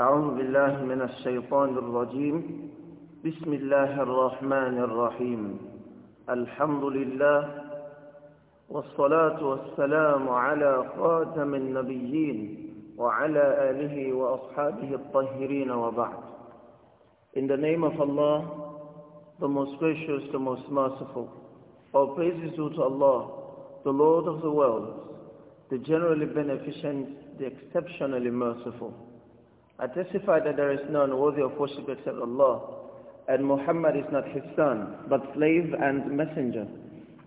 أعوذ بالله من الشيطان الرجيم بسم الله الرحمن الرحيم الحمد لله والصلاة والسلام على خاتم النبيين وعلى آله وأصحابه الطهرين وبعد In the name of Allah, the most gracious, the most merciful, all praises due to Allah, the Lord of the world, the generally beneficent, the exceptionally merciful. I testify that there is none worthy of worship except Allah, and Muhammad is not his son, but slave and messenger.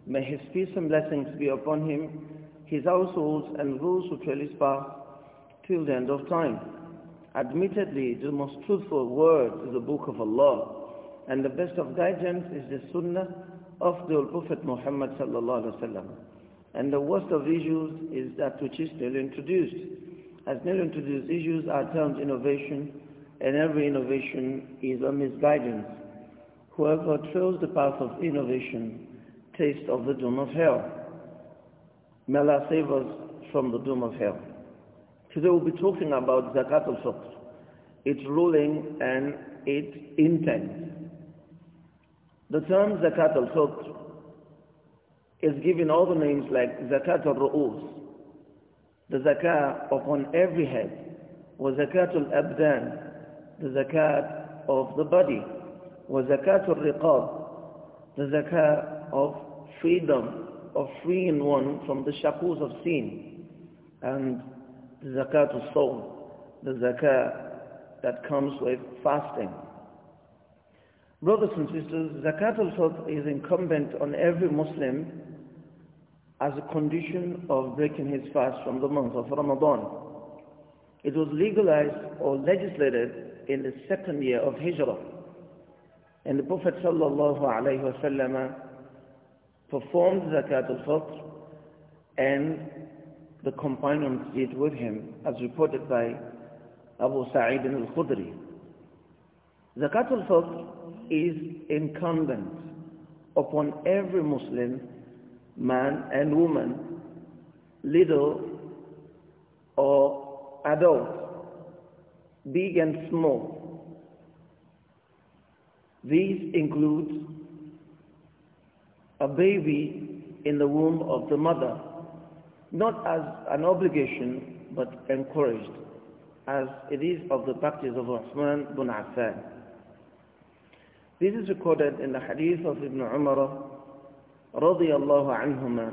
May his peace and blessings be upon him, his households, and those who trail his path till the end of time. Admittedly, the most truthful word is the Book of Allah, and the best of guidance is the Sunnah of the Prophet Muhammad sallallahu alaihi wasallam. And the worst of issues is that which is still introduced. Attending into these issues are termed innovation, and every innovation is a misguidance. Whoever trails the path of innovation tastes of the doom of hell. May Allah save us from the doom of hell. Today we'll be talking about Zakat al-Fitr, its ruling and its intent. The term Zakat al-Fitr is given other names like Zakat al-Ru'us, the zakah upon every head, zakatul abdan, the zakat of the body, zakatul riqab the zakah of freedom, of freeing one from the shackles of sin, and the zakat soul, the zakah that comes with fasting. Brothers and sisters, zakat al is incumbent on every Muslim as a condition of breaking his fast from the month of Ramadan. It was legalized or legislated in the second year of Hijrah. And the Prophet ﷺ performed Zakat al-Fitr and the companions did with him as reported by Abu Sa'id al-Khudri. Zakat al-Fitr is incumbent upon every Muslim man and woman, little or adult, big and small. These include a baby in the womb of the mother, not as an obligation but encouraged, as it is of the practice of Uthman bin Affan. This is recorded in the hadith of Ibn Umar رضي الله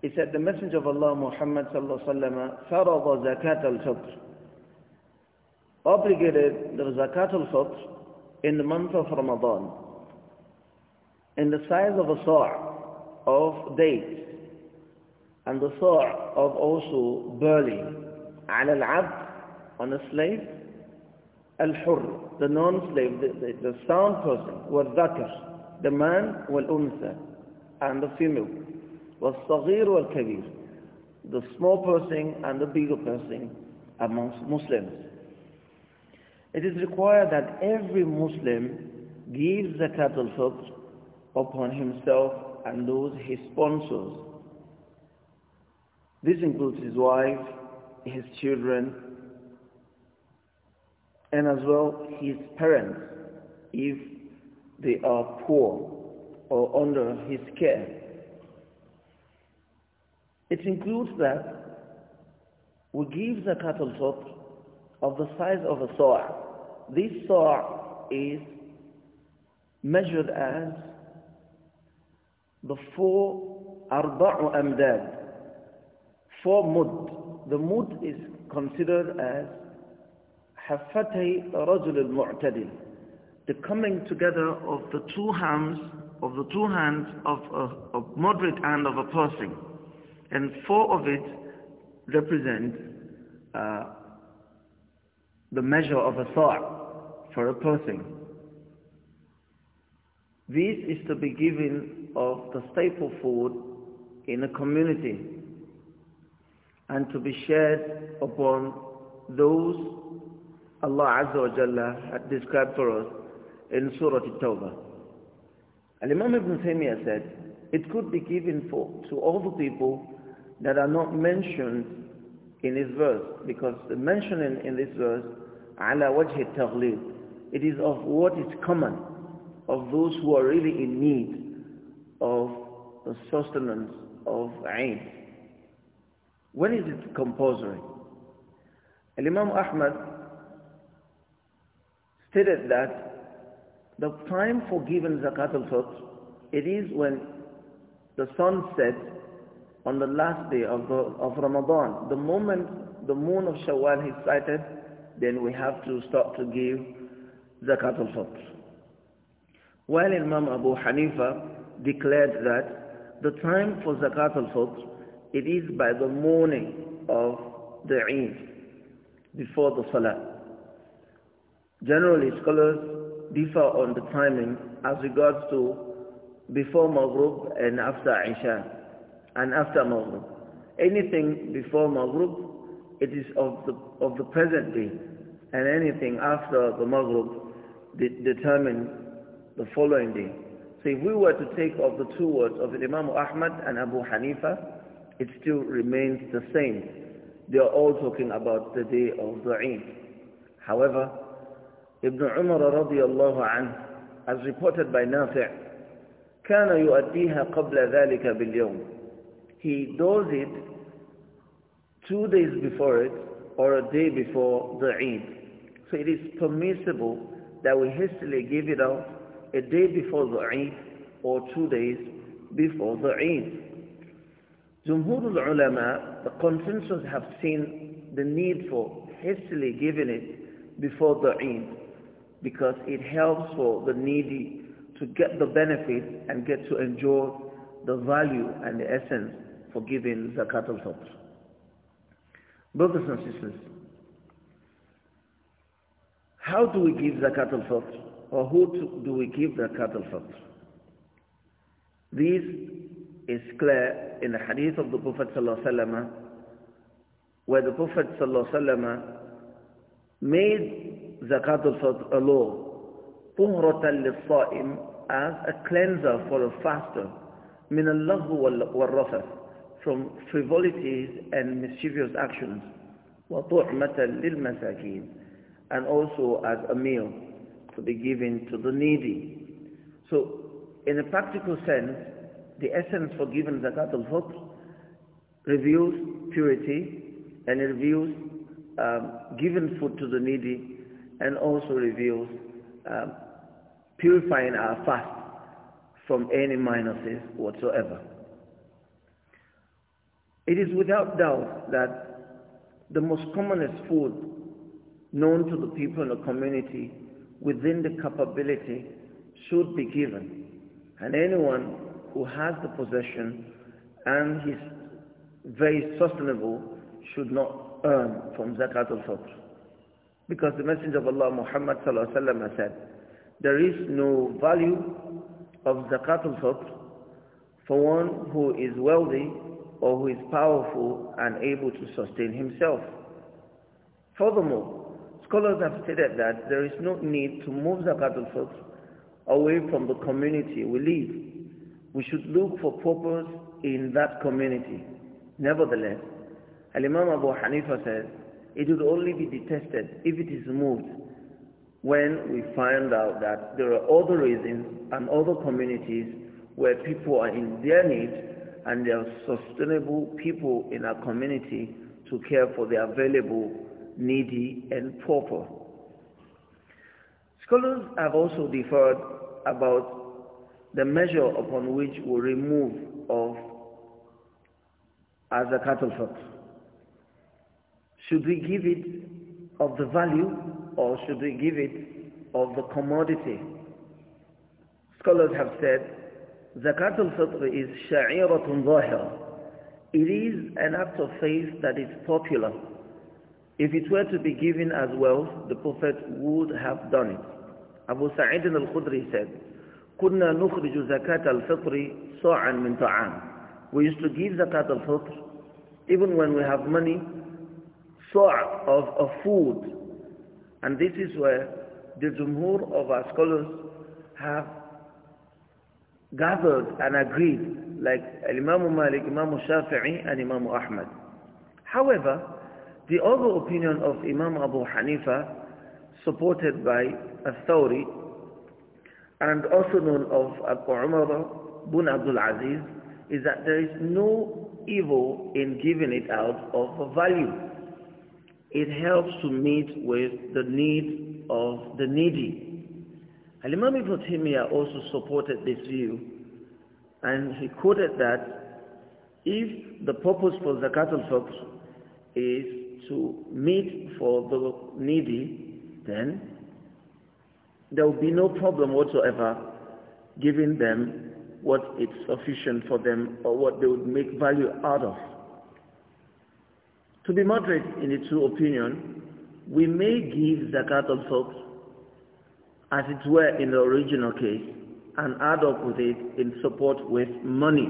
He said the Messenger of Allah Muhammad sallallahu alaihi wasallam zakat al-fitr obligated the zakat al-fitr in the month of Ramadan in the size of a saw' of dates and the saw' of also barley على العبد on a slave al-hur the non-slave the, the, the sound person والذكر the man والأنثى and the female. والصغير والكبير The small person and the bigger person amongst Muslims. It is required that every Muslim gives the al-fitr upon himself and those he sponsors. This includes his wife, his children, and as well his parents if they are poor or under his care. It includes that we give the cattle top of the size of a saw. This saw is measured as the four arba'u amdad, four mud. The mud is considered as حفتي رجل المعتدل the coming together of the two hands of the two hands of a, a moderate hand of a person. And four of it represent uh, the measure of a thought for a person. This is to be given of the staple food in a community and to be shared upon those Allah Azza wa Jalla had described for us in Surah At-Tawbah. And Imam Ibn Taymiyyah said, it could be given for, to all the people that are not mentioned in this verse, because the mentioning in this verse, ala wajh taghlib, it is of what is common, of those who are really in need of the sustenance of aid. When is it compulsory? Al Imam Ahmad stated that the time for giving zakat al-fitr, it is when the sun sets on the last day of, the, of Ramadan. The moment the moon of Shawwal is sighted, then we have to start to give zakat al-fitr. While Imam Abu Hanifa declared that the time for zakat al-fitr, it is by the morning of the Eid, before the Salah. Generally, scholars differ on the timing as regards to before Maghrib and after Isha and after Maghrib. Anything before Maghrib, it is of the, of the present day and anything after the Maghrib determines the following day. So if we were to take of the two words of Imam Ahmad and Abu Hanifa, it still remains the same. They are all talking about the day of the Eid. However, Ibn Umar radiallahu anhu, as reported by Nafi' كان يؤديها قبل ذلك باليوم he does it two days before it or a day before the Eid so it is permissible that we hastily give it out a day before the Eid or two days before the Eid Jumhur ulama the consensus have seen the need for hastily giving it before the Eid because it helps for the needy to get the benefit and get to enjoy the value and the essence for giving zakat al-fitr. Brothers and sisters, how do we give zakat al-fitr or who do we give zakat al-fitr? This is clear in the hadith of the Prophet ﷺ where the Prophet ﷺ made Zakat al Fitr alone, طهرة saim as a cleanser for a faster, من اللغو والرفث from frivolities and mischievous actions, wa وطعمة للمساكين and also as a meal to be given to the needy. So, in a practical sense, the essence for giving zakat al-fitr reveals purity and it reveals um, giving food to the needy and also reveals um, purifying our fast from any minuses whatsoever. It is without doubt that the most commonest food known to the people in the community within the capability should be given. And anyone who has the possession and is very sustainable should not earn from zakat al-fitr. Because the Messenger of Allah Muhammad has said, there is no value of al fitr for one who is wealthy or who is powerful and able to sustain himself. Furthermore, scholars have stated that there is no need to move zakat al fitr away from the community we live. We should look for purpose in that community. Nevertheless, Al-Imam Abu Hanifa says, it would only be detested if it is moved when we find out that there are other reasons and other communities where people are in their need and there are sustainable people in our community to care for the available, needy and pauper. Scholars have also differed about the measure upon which we remove of as a cattle fund. Should we give it of the value or should we give it of the commodity? Scholars have said, Zakat al-Fitr is sha'iratun zahira. It is an act of faith that is popular. If it were to be given as wealth, the Prophet would have done it. Abu Sa'id al-Khudri said, كنا نخرج زكاة الفطر صاعا من طعام. We used to give zakat al-fitr even when we have money sort of, of food. And this is where the Jumhur of our scholars have gathered and agreed, like Imam Malik, Imam Shafi'i, and Imam Ahmad. However, the other opinion of Imam Abu Hanifa, supported by al-Thawri, and also known of Umar bin Abdul Aziz, is that there is no evil in giving it out of value it helps to meet with the needs of the needy. Al-Imam Ibn Taymiyyah also supported this view and he quoted that if the purpose for Zakat al-Fitr is to meet for the needy, then there will be no problem whatsoever giving them what is sufficient for them or what they would make value out of. To be moderate in the true opinion, we may give zakat of fitr as it were in the original case and add up with it in support with money.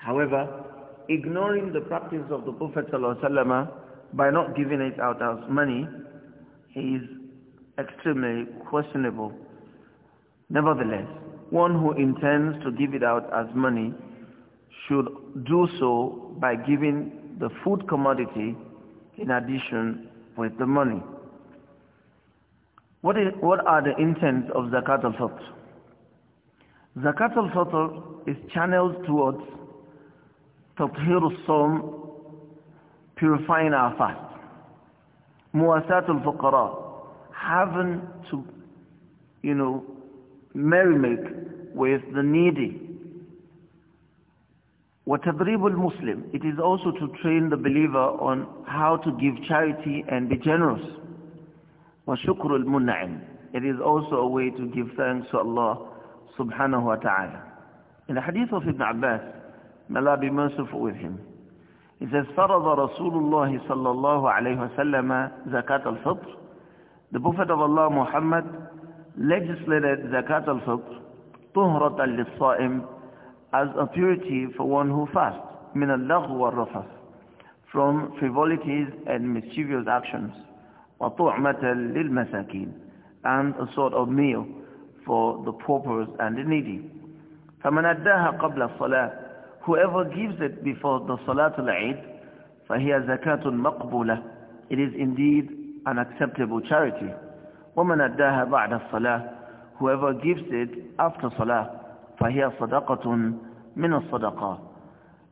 However, ignoring the practice of the Prophet by not giving it out as money is extremely questionable. Nevertheless, one who intends to give it out as money should do so by giving the food commodity in addition with the money. What, is, what are the intents of Zakat al-Fitr? Zakat al-Fitr is channeled towards Tathir al-Sawm, purifying our fast. Muwasat al-Fuqara, having to, you know, merrymake with the needy وَتَضْرِيبُ الْمُسْلِمِ It is also to train the believer on how to give charity and be generous. وَشُكْرُ الْمُنْعِمِ It is also a way to give thanks to Allah subhanahu wa ta'ala. In the hadith of Ibn Abbas, may Allah be merciful with him, He says, فَرَضَ رَسُولُ اللَّهِ صَلَّى اللَّهُ عَلَيْهِ وَسَلَّمَ زَكَاةَ الْفِطْرِ The Prophet of Allah, Muhammad, legislated zakat al-fitr, طُهْرَةً لِلصَّائِمِ as a purity for one who fasts, min al from frivolities and mischievous actions, al-lil masakin, and a sort of meal for the paupers and the needy. فَمَنْ أَدَّاهَا قَبْلَ الصَّلَاةِ Whoever gives it before the Salatul Eid, فَهِيَ زَكَاةٌ مَقْبُولَةٌ It is indeed an acceptable charity. وَمَنْ أَدَّاهَا بَعْدَ الصَّلَاةِ Whoever gives it after salat. فهي صدقة من الصدقة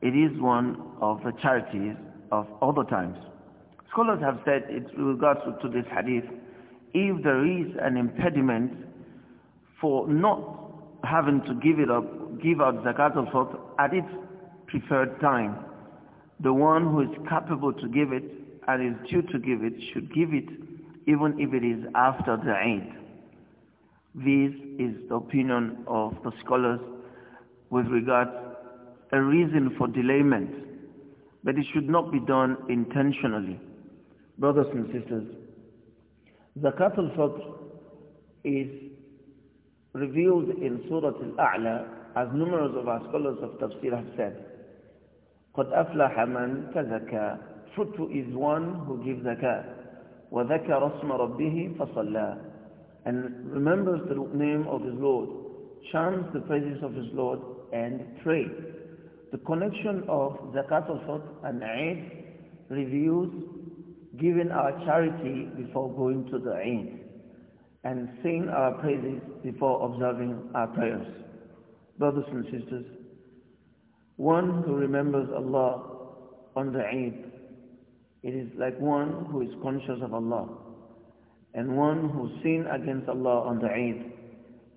it is one of the charities of all the times scholars have said it with regards to, to this hadith if there is an impediment for not having to give it up give out zakat al-fitr at its preferred time the one who is capable to give it and is due to give it should give it even if it is after the Eid this is the opinion of the scholars with regard a reason for delayment, but it should not be done intentionally. Brothers and sisters, Zakat al-Fitr is revealed in Surah Al-A'la as numerous of our scholars of tafsir have said. قَدْ أَفْلَحَ مَنْ تَزَكَى Futu is one who gives zakah. وَذَكَرَ اسْمَ رَبِّهِ فَصَلَّى and remembers the name of his Lord, chants the praises of his Lord, and prays. The connection of Zakat al-Fitr and Eid reveals giving our charity before going to the Eid and saying our praises before observing our prayers. Brothers and sisters, one who remembers Allah on the Eid, it is like one who is conscious of Allah and one who sinned against Allah on the Eid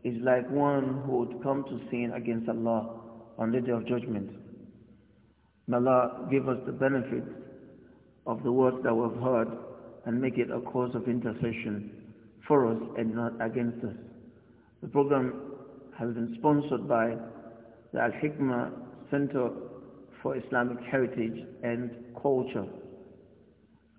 is like one who would come to sin against Allah on the Day of Judgment. May Allah give us the benefit of the words that we've heard and make it a cause of intercession for us and not against us. The program has been sponsored by the Al-Hikmah Center for Islamic Heritage and Culture.